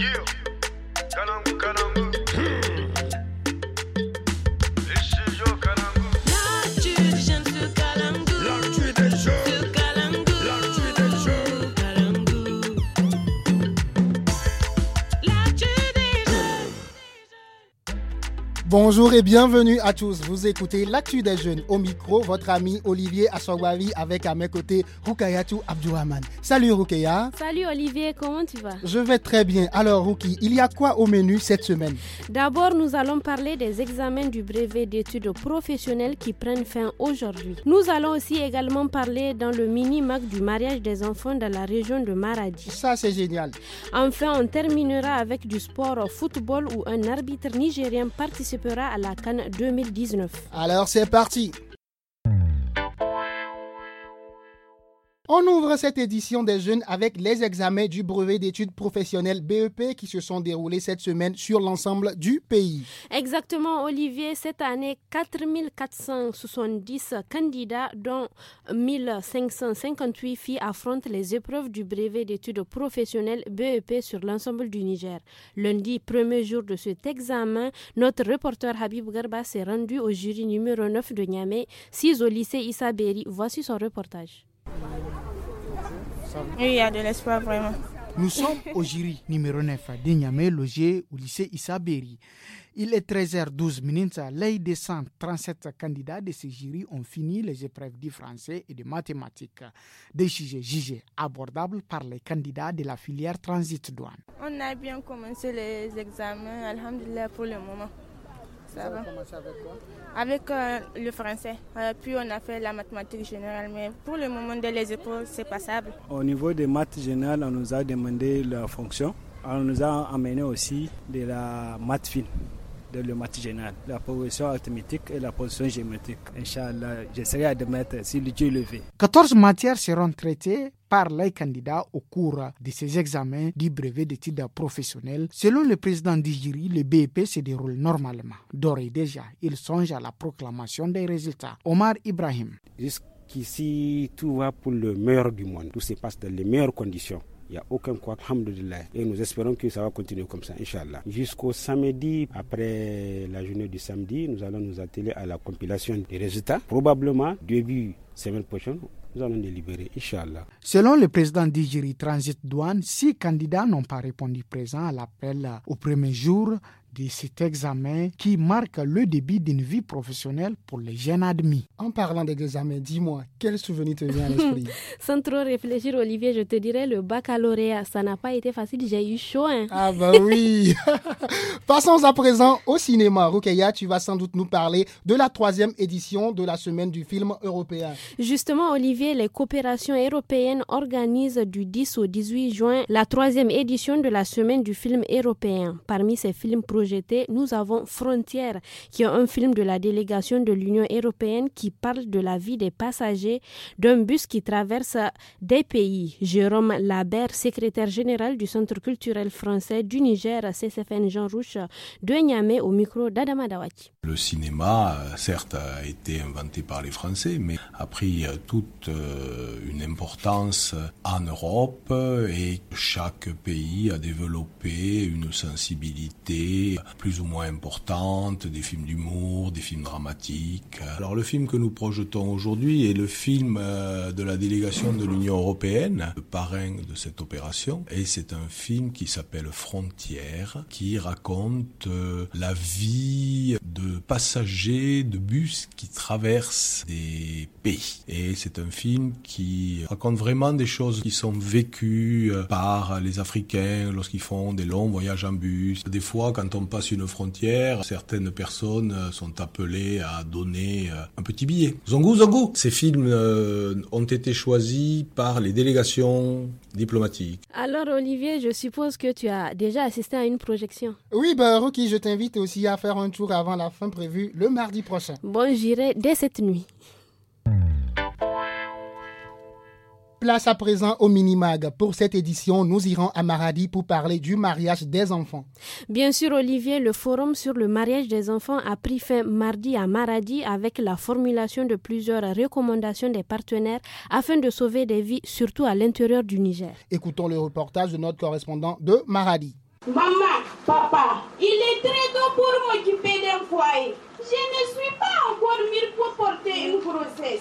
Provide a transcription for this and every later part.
Yeah, Kalangu, Kalangu. Bonjour et bienvenue à tous. Vous écoutez l'actu des jeunes au micro, votre ami Olivier Assogwari avec à mes côtés Rukayatou Abdourahman. Salut Rukaya. Salut Olivier, comment tu vas Je vais très bien. Alors Ruki, il y a quoi au menu cette semaine D'abord, nous allons parler des examens du brevet d'études professionnelles qui prennent fin aujourd'hui. Nous allons aussi également parler dans le mini-mac du mariage des enfants dans la région de Maradi. Ça, c'est génial. Enfin, on terminera avec du sport au football où un arbitre nigérien participe participera à la Cannes 2019. Alors c'est parti On ouvre cette édition des jeunes avec les examens du brevet d'études professionnelles BEP qui se sont déroulés cette semaine sur l'ensemble du pays. Exactement, Olivier. Cette année, 4470 candidats, dont 1558 filles, affrontent les épreuves du brevet d'études professionnelles BEP sur l'ensemble du Niger. Lundi, premier jour de cet examen, notre reporter Habib Garba s'est rendu au jury numéro 9 de Niamey, 6 au lycée Issa Voici son reportage. Oui, il y a de l'espoir vraiment. Nous sommes au jury numéro 9 de logé au lycée Issa Il est 13h12 Les 37 candidats de ce jury ont fini les épreuves du français et de mathématiques, des sujets jugés abordables par les candidats de la filière transit douane. On a bien commencé les examens, alhamdulillah pour le moment avec euh, le français. Euh, puis on a fait la mathématique générale. Mais pour le moment de les épaules, c'est passable. Au niveau des maths générales, on nous a demandé la fonction. Ah, on nous a amené aussi de la maths fine de le maths général, la position arithmétique et la position géométrique. Inch'Allah, j'essaierai de mettre si le Dieu le veut. 14 matières seront traitées par les candidats au cours de ces examens du brevet d'études professionnelles. Selon le président du le BEP se déroule normalement. D'ores déjà, il songe à la proclamation des résultats. Omar Ibrahim. Jusqu'ici, tout va pour le meilleur du monde. Tout se passe dans les meilleures conditions. Il n'y a aucun quoi, alhamdoulilah. Et nous espérons que ça va continuer comme ça, Inch'Allah. Jusqu'au samedi, après la journée du samedi, nous allons nous atteler à la compilation des résultats. Probablement, début semaine prochaine, nous allons libérer, Inch'Allah. Selon le président d'Igérie Transit Douane, six candidats n'ont pas répondu présent à l'appel au premier jour de cet examen qui marque le début d'une vie professionnelle pour les jeunes admis. En parlant des examens, dis-moi, quel souvenir te vient à l'esprit Sans trop réfléchir, Olivier, je te dirais le baccalauréat. Ça n'a pas été facile, j'ai eu chaud. Hein. Ah bah oui Passons à présent au cinéma. Rukeya, tu vas sans doute nous parler de la troisième édition de la semaine du film européen. Justement, Olivier, les coopérations européennes organisent du 10 au 18 juin la troisième édition de la semaine du film européen. Parmi ces films produits, nous avons Frontières, qui est un film de la délégation de l'Union européenne qui parle de la vie des passagers d'un bus qui traverse des pays. Jérôme Labert, secrétaire général du Centre culturel français du Niger, CCFN Jean Rouche, de Niamey, au micro d'Adama Dawati. Le cinéma, euh, certes, a été inventé par les Français, mais a pris euh, toute euh, une importance en Europe et chaque pays a développé une sensibilité plus ou moins importantes, des films d'humour, des films dramatiques. Alors le film que nous projetons aujourd'hui est le film euh, de la délégation de l'Union européenne, le parrain de cette opération, et c'est un film qui s'appelle Frontières, qui raconte euh, la vie de passagers de bus qui traversent des pays. Et c'est un film qui raconte vraiment des choses qui sont vécues euh, par les Africains lorsqu'ils font des longs voyages en bus. Des fois, quand on on passe une frontière, certaines personnes euh, sont appelées à donner euh, un petit billet. Zongo, zongo Ces films euh, ont été choisis par les délégations diplomatiques. Alors Olivier, je suppose que tu as déjà assisté à une projection. Oui, ben Rocky, je t'invite aussi à faire un tour avant la fin prévue le mardi prochain. Bon, j'irai dès cette nuit. Place à présent au Minimag. Pour cette édition, nous irons à Maradi pour parler du mariage des enfants. Bien sûr, Olivier, le forum sur le mariage des enfants a pris fin mardi à Maradi avec la formulation de plusieurs recommandations des partenaires afin de sauver des vies, surtout à l'intérieur du Niger. Écoutons le reportage de notre correspondant de Maradi. Maman, papa, il est très tôt pour m'occuper d'un foyer. Je ne suis pas encore mûre pour porter une grossesse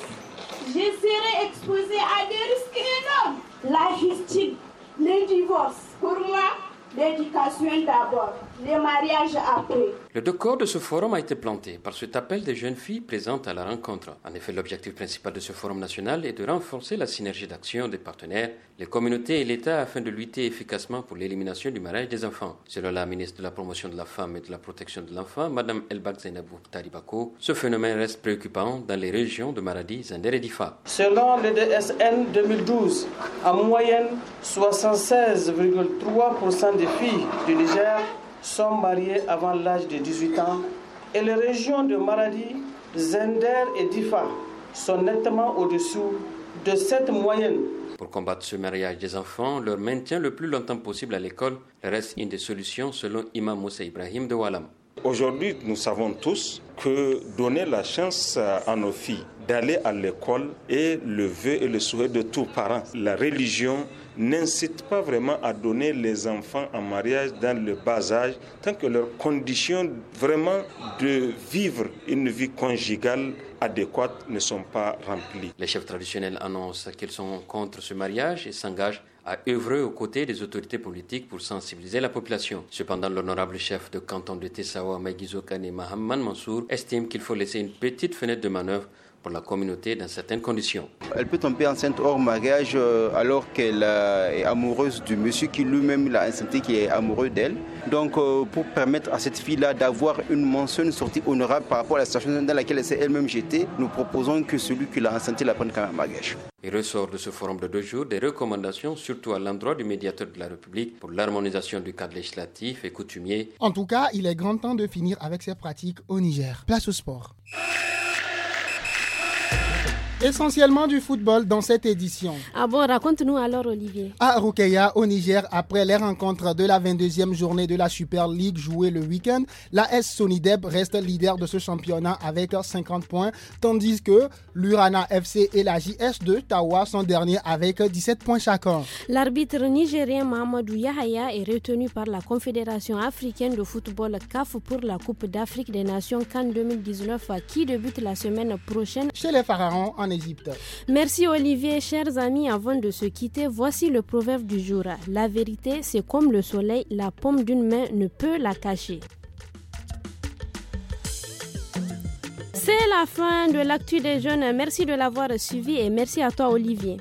je serai exposée à des risques énormes. La justice, le divorce, pour moi, l'éducation d'abord, le mariage après. Le décor de ce forum a été planté par cet appel des jeunes filles présentes à la rencontre. En effet, l'objectif principal de ce forum national est de renforcer la synergie d'action des partenaires, les communautés et l'État afin de lutter efficacement pour l'élimination du mariage des enfants. Selon la ministre de la Promotion de la Femme et de la Protection de l'Enfant, Mme Elbak Zainabou Taribako, ce phénomène reste préoccupant dans les régions de Maradi, Zender et Difa. Selon le DSN 2012, en moyenne, 76,3% des filles du Niger sont mariées avant l'âge de 18 ans et les régions de Maradi, Zender et Difa sont nettement au-dessous de cette moyenne. Pour combattre ce mariage des enfants, leur maintien le plus longtemps possible à l'école reste une des solutions selon Imam Moussa Ibrahim de Walam. Aujourd'hui, nous savons tous que donner la chance à nos filles d'aller à l'école est le vœu et le souhait de tous parents. La religion n'incite pas vraiment à donner les enfants en mariage dans le bas âge tant que leurs conditions vraiment de vivre une vie conjugale adéquate ne sont pas remplies. Les chefs traditionnels annoncent qu'ils sont contre ce mariage et s'engagent à œuvrer aux côtés des autorités politiques pour sensibiliser la population. Cependant, l'honorable chef de canton de Tessawa, Magizokane Mahamman Mansour, estime qu'il faut laisser une petite fenêtre de manœuvre pour la communauté dans certaines conditions. Elle peut tomber enceinte hors mariage euh, alors qu'elle euh, est amoureuse du monsieur qui lui-même l'a enceinte, qui est amoureux d'elle. Donc euh, pour permettre à cette fille-là d'avoir une mention, une sortie honorable par rapport à la situation dans laquelle elle s'est elle-même jetée, nous proposons que celui qui l'a enceinte la prenne quand même mariage. Il ressort de ce forum de deux jours des recommandations, surtout à l'endroit du médiateur de la République, pour l'harmonisation du cadre législatif et coutumier. En tout cas, il est grand temps de finir avec ces pratiques au Niger. Place au sport essentiellement du football dans cette édition. Ah bon, raconte-nous alors Olivier. À Rukeya, au Niger, après les rencontres de la 22e journée de la Super League jouée le week-end, la S Sonideb reste leader de ce championnat avec 50 points, tandis que l'Urana FC et la JS 2 Tawa sont derniers avec 17 points chacun. L'arbitre nigérien Mahamadou Yahaya est retenu par la Confédération africaine de football CAF pour la Coupe d'Afrique des Nations Cannes 2019 qui débute la semaine prochaine. Chez les Pharaons, en Merci Olivier, chers amis. Avant de se quitter, voici le proverbe du jour. La vérité, c'est comme le soleil, la paume d'une main ne peut la cacher. C'est la fin de l'actu des jeunes. Merci de l'avoir suivi et merci à toi Olivier.